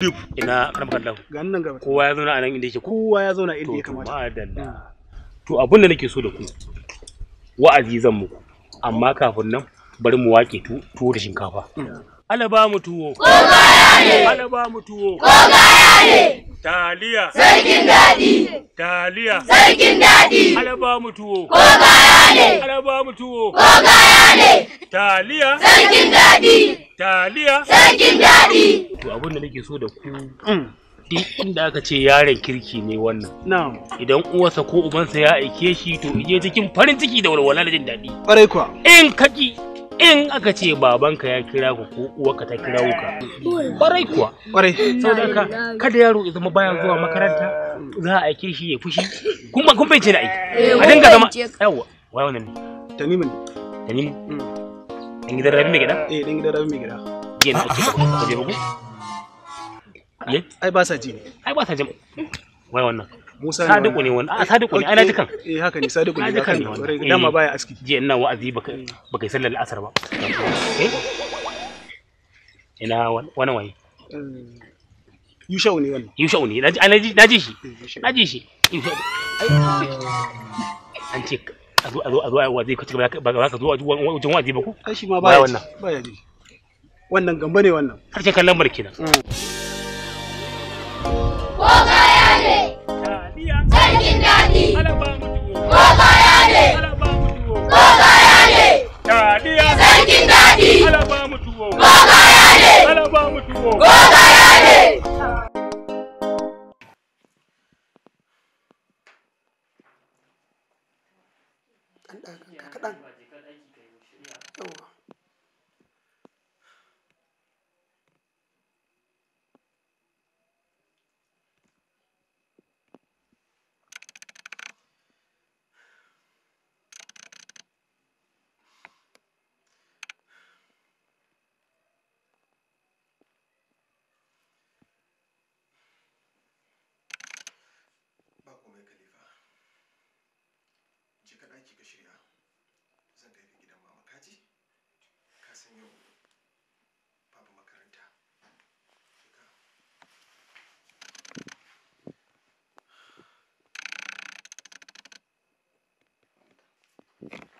duk ina karfakan lahu gaba kowa ya zauna a nan inda yake kowa ya zauna inda ya kamata hmm. to abin da nake so da ku wa'azi zan muku amma kafin nan bari mu wake tuwo da shinkafa hmm. alaba mu tuwo ko gaya ne alaba mu tuwo ko gaya ne taliya sarkin daɗi taliya sarkin daɗi alaba mu tuwo ko gaya ne alaba mu tuwo ko gaya ne Taliya. Sarkin daɗi. Taliya. Sarkin daɗi. To abin da nake so da ku. Mm. Duk inda aka ce yaron kirki ne wannan. Na'am. Idan uwarsa ko ubansa ya aike shi to ije cikin farin ciki da walwala da jin daɗi. Ƙwarai kuwa. In kaki in aka ce babanka ya kira ku ko uwarka ta kira ka. Ƙwarai kuwa. Ƙwarai. Saboda haka kada yaro ya zama bayan zuwa makaranta za a aike shi ya fushi. Kuma kun bai ce da aiki. A dinga zama yawa. Wai wannan ne. Tamimu ne. Tamimu. Mm. dan gidan rabi mai gida eh dan gidan rabi mai gida gen ba ka je bugu ye ai ba sa ji ne ai ba sa ji wai wannan Musa ne Sadiku ne wannan a Sadiku ne ai naji kan eh haka ne Sadiku ne haka ne dama baya aski je ina wa'azi baka baka yi sallar asar ba eh ina wani waye Yushau ne wannan Yushau ne naji naji shi a zo a zo a zo a waje ka cigaba ba ka zo wajen waje ba ko ai shi ma ba wannan ba ya ji wannan gamba ne wannan karshen kallon bar kenan mm. ko kaya ne sarkin daɗi ko kaya ne ko kaya ne sarkin daɗi ko kaya ne ko ka kaya ɗan kaɗan yawa ki ka shirya zan kai ka gidan mama kaji ka san yau babu makaranta Thank